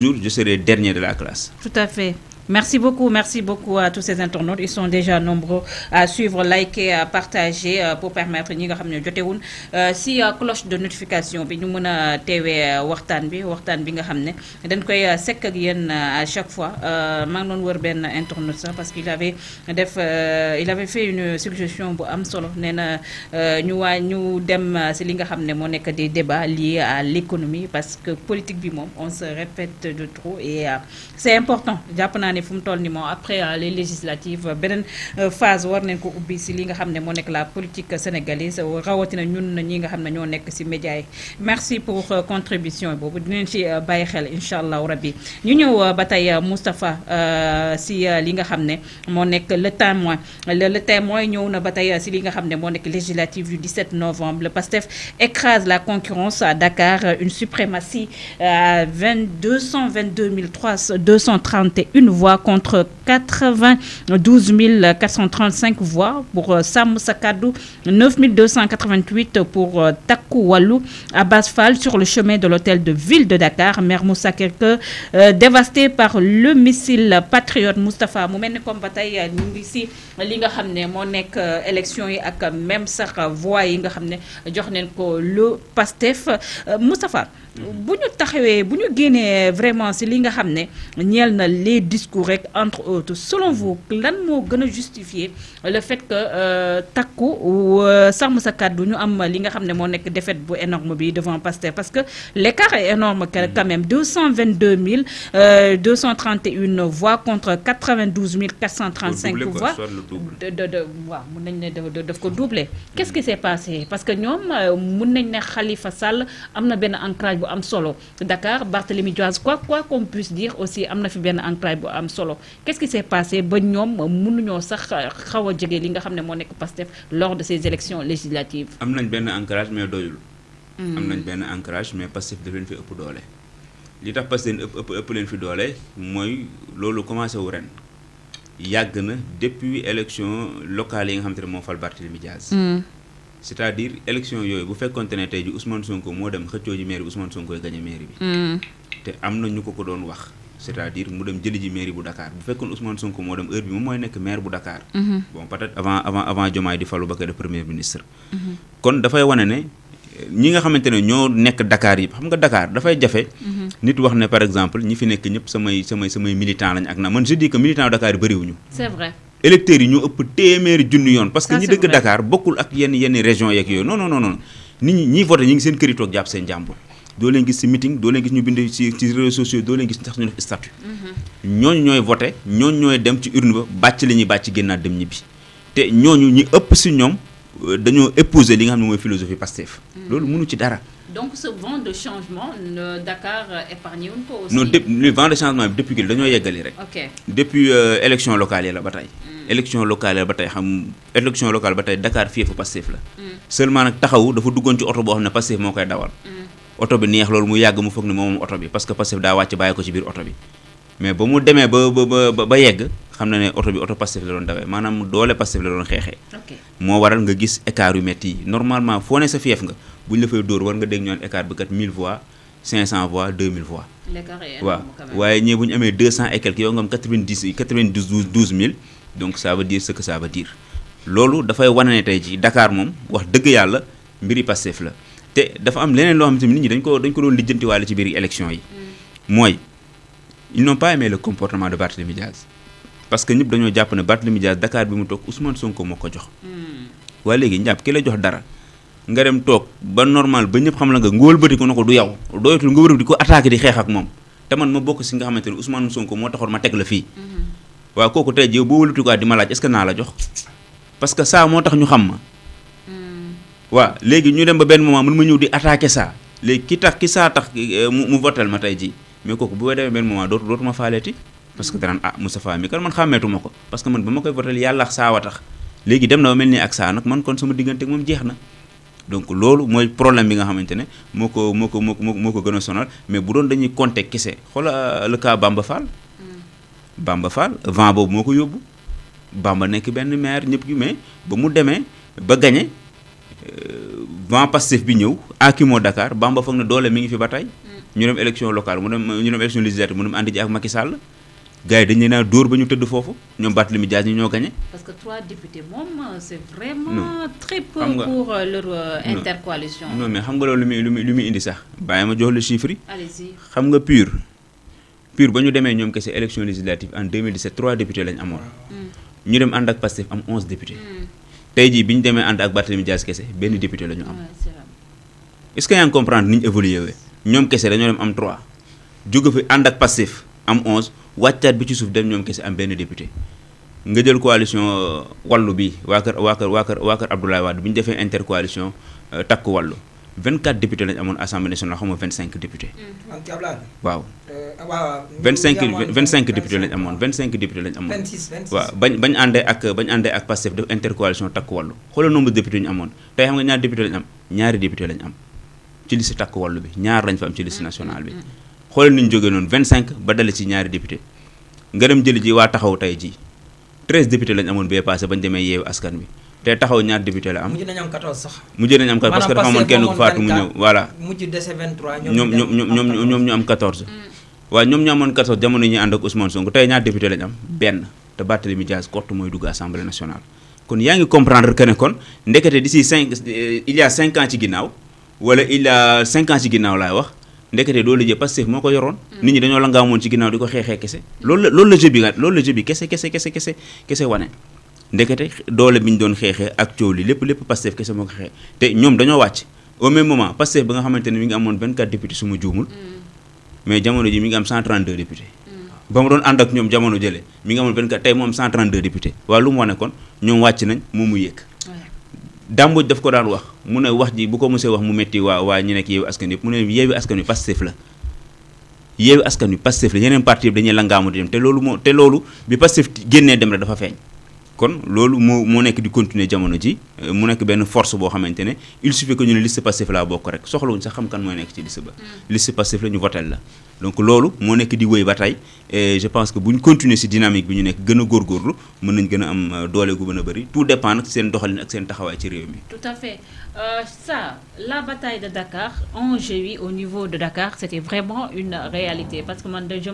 jour, je serai dernier de la classe. Tout à fait. Merci beaucoup, merci beaucoup à tous ces internautes. Ils sont déjà nombreux à suivre, liker, à partager euh, pour permettre ñi nga xamné ne jote euh, si euh, cloche de notification bi ñu mëna a teewee waxtaan bi waxtaan bi nga xamné dañ koy ak à chaque fois Maintenant, nous non wër internaute parce qu'il avait def il avait fait une suggestion bu am solo néna ñu wa ñu dem li nga des débats liés à l'économie parce que politique bi mom on se répète de trop et c'est important ne fu toll ni mo après euh, les législatives euh, beneen euh, phase war nañ ko ubbi ci li nga xamné mo nek la politique sénégalaise na ñun ñi nga xamné ño nek ci média yi merci pour contribution boobu dinañ ci baye xel inshallah allahu rabbi ñu ñëw ba tey si li nga xamné mo nek le témoin le témoin ñëw na ba si li nga xamné mo nek législative du 17 novembre le PASTEF écrase la concurrence à Dakar une suprématie à 22 222 331 voix contre 92 435 voix pour euh, Sam Sakadou, 9.288 pour euh, Takou Walou, à Basfal, sur le chemin de l'hôtel de ville de Dakar, Mère Moussa euh, dévastée par le missile patriote Moustapha Moumène mel comme ba élection et même sa voix yi le PASTEF Mustafa, si vraiment si li nga les discours entre autres selon vous lan moo justifier le fait que euh, TACO ou euh, sa nous ñu am li nga défaite énorme devant Pasteur. parce que l'écart est énorme quand mm. même 222 231 euh, voix contre 92 435 voix de de mm. qu'est-ce qui s'est passé parce que nous, sommes, nañ Khalifa Sall am ben am solo Dakar Barthélémy Diaz quoi qu'on puisse dire aussi amna fi am solo qu'est-ce qui s'est passé ba ñoom mënuñoo sax xawa a li nga xamné mo nek Pastef lors de ces élections législatives. am nañ ben ancrage mais doyul. Hmm. am nañ ben ancrage mais Pastef de leen fi ëpp doolé li tax Pastef leen ëpp ëpp leen fi doolé moy lolu commencé wu ren na depuis élection locales yi nga xamné mo fal Barthélémy Diaz. Hmm. c'est-à-dire élection yooyu bu fekkonte ne tey ji Ousmane Sonko moo dem xëccoo ji maire bi Ousmane Sonko gagné maire bi. Hmm. te am na ñu ko ko doon wax c'est-à-dire mu dem jëli ji mairie bu Dakar bu fekkoon Ousmane Sonko moo dem heure bi moom mooy nekk maire bu Dakar. Mhm. bon peut-être avant avant avant Diomaye di fallu ba ko premier ministre. Mhm. kon dafay wane ne ñi nga xamante ne ñoo nekk Dakar yi xam nga Dakar dafay jafe. Mhm. nit wax ne par exemple ñi fi nekk ñëpp samay samay samay militant lañ ak na man je dis que militant Dakar yi bëriwuñu. c'est vrai. électeurs yi ñoo ëpp téeméeri junni yoon. parce que ñi dëkk Dakar bokkul ak yenn yenn régions yeeg yooyu non non non nit ñi ñiy voté ñi ngi seen kër yi toog jàpp seen jàmbur doo leen gis ci meeting doo leen gis ñu bind ci ci réseaux sociaux doo leen gis tax ñu def statut mm-hmm. ñooñu ñooy voté ñooñu ñooy dem ci urne ba bàcc li ñuy bàcc génnaat dem ñibbi te ñooñu ñi ëpp ci ñoom euh, dañoo épouser li nga xam ne mooy philosophie Pastef mm-hmm. loolu mënu ci dara. donc ce vent de changement ne Dakar épargné wuñ ko aussi. non le vent de changement depuis que dañoo yeggali rek. ok depuis euh, élection locale yi la ba tey. Mm. élection locale ba tey xam élection locale ba tey Dakar fii fa Pastef la. Mm. seulement nag taxaw dafa duggoon ci oto boo xam ne Pastef moo koy dawal. Mm auto bi neex loolu mu yàgg mu foog ni moom auto bi parce que Pastef daa wàcc bàyyi ko ci biir auto bi mais ba mu demee ba ba ba yegg xam na ne auto bi auto Pastef la doon dawee maanaam doole Pastef la doon xeexee moo waral nga gis écart yu métti yi normalement foo ne sa fief nga buñ la fay dóor war nga dégg ñoon écart bi kat 1000 voix 500 voix 2000 voix waaw waaye ñii bu ñu amee 200 et quelques yow nga am 90 92 12000 donc ça veut dire ce que ça veut dire loolu dafay wane ne tey ji Dakar moom wax dëgg yàlla mbiri Pastef la te dafa am leneen loo xam te nit ñi dañ ko dañ ko doon lijjantiwaale ci biir élection yi mm. mooy ils n'ont pas aimé comportement de Barthélémy Diaz parce que ñëpp dañoo jàpp ne Barthélémy Diaz Dakar mm. la jox dara nga dem toog ba normal ba ñëpp xam la nga nga wëlbati ko na ko du yow doyatul nga wërëb di ko attaqué di xeex ak moom te ma bokk moo taxoon ma teg la fii mm-hmm. waaw kooku tey jii boo wëlbatikuwaat di ma parce que saa moo tax ñu xam ma waaw léegi ñu dem ba benn moment mën ma ñëw di attaquer ça léegi ki tax ki saa tax eh, mu mu votel ma tey jii mais kooku bu ba demee benn moment dootu dootuma faaleeti parce que danaan ah Moustapha mi kan man xàmmeetuma ko parce que man ma koy votel yàlla ak saawa tax léegi dem na mel nii ak saa man kon sama diggante moom jeex na donc loolu mooy problème bi nga xamante ne moo ko moo ko moo ko moo ko gën a sonal mais bu doon dañuy compter kese xoola euh, le cas Bamba Fall mm. Bamba Fall boobu moo ko yóbbu Bamba nekk benn maire ñëpp gi mais ba mu demee ba gañe Euh, vent Pastef bi Dakar Bamba doole mi ngi fi mm. ñu dem élection locale mu ñu législative mu ak Macky Sall parce que trois députés c'est vraiment très peu pour euh, leur euh, intercoalition. non mais xam nga lu mi lu le chiffre allez-y xam nga PUR. PUR bañu démé ñom législative en 2017 trois députés lañ mm. ñu dem am 11 députés. Mm tey jii bi ñu demee ak Barthélemy Dias kese benn député lañu am est ce que yaa comprendre niñ ñu évolué ñom kessé dañu dem am 3 jóge fi and ak passif am 11 waccat bi ci suuf dem ñom kessé am benn député nga jël coalition euh, wàllu bi wa kër wa kër wa kër waa kër Abdoulaye Wade bi défé defee intercoalition euh, takku wàllu 24 députés lañ amoon assemblée nationale xawma 25 députés. Mm. Ah, waaw. Euh, ah, waaw 25 25 députés lañ amoon 25 amoon. 26 cinq waaw bañ bañ àndee ak bañ àndee ak Pastef def intercoalition takku wàllu xoolal nombre de députés ñu amoon tey xam nga ñaari député lañ am ñaari député lañ am ci liste takku wàllu bi ñaar lañ fa am ci liste mm, national bi. Mm, xoolal ni ñu jógee noonu cinq ba dale si ñaari député nga dem jëli ji waa taxaw tey ji 13 députés lañ amoon bee passé bañ demee yeewu askan bi te taxaw ñaar député la am. mujj nañu am 14 sax. que dafa amoon mu ñëw voilà. mujj dese 23. ñoom ñoom ñoom ñoom ñu am mm. ñoom ñu amoon 14 jamono yi ñuy ànd ak Ousmane Sonko tey ñaar député lañ am benn te Barthélémy Dias kott mooy dugg assemblée nationale. kon yaa ngi comprendre que ne kon ndekete d'ici 5 il y a ans ci ginnaaw wala il y a 5 ans ci ginnaaw laay wax ndekete doo liggéey Pastef moo ko yoroon. Mm. nit ñi dañoo la ngaamoon ci ginnaaw di ko xeexee kese. loolu la loolu la jeu bi loolu la jeu bi kese kese kese kese kese ndekete doole bi ñu doon xeexee ak coow li lépp lépp Pastef kese moo ko xeexee te ñoom dañoo wàcc au même moment Pastef ba nga xamante ne mi ngi amoon 24 députés su ma juumul mm. jamono ji mi ngi am 132 députés. Mm. ba mu doon ànd ak ñoom jamono jëlee mi ngi amoon 24 tey mu am 132 députés waaye lu mu wane kon ñoom wàcc nañ moom mu yéeg. dàmbooj daf ko daan wax mu ne wax ji bu ko mosee wax mu metti waa waa ñu nekk yeewu askan yëpp mu ne yeewu askan wi Pastef la yeewu askan yi Pastef la yeneen parti yëpp dañuy langaamu di te loolu moo te loolu bi Pastef génnee dem rek dafa feeñ kon loolu moo moo nekk di continuer jamono ji euh, mu nekk benn force boo xamante ne il suffit que ñu ne liste passif laa bokk rek soxlawuñ sax xam kan mooy nekk ci liste ba. Mm. liste passif la ñu votel la. donc loolu moo nekk di wéy ba tey et je pense que bu ñu continuer si dynamique bi ñu nekk gën a góorgóorlu mën nañ gën a am euh, doole gu mën a bëri tout dépend nag seen doxalin ak seen taxawaay ci réew mi. tout à fait euh, ça la bataille de Dakar en juillet au niveau de Dakar c'était vraiment une réalité parce que man de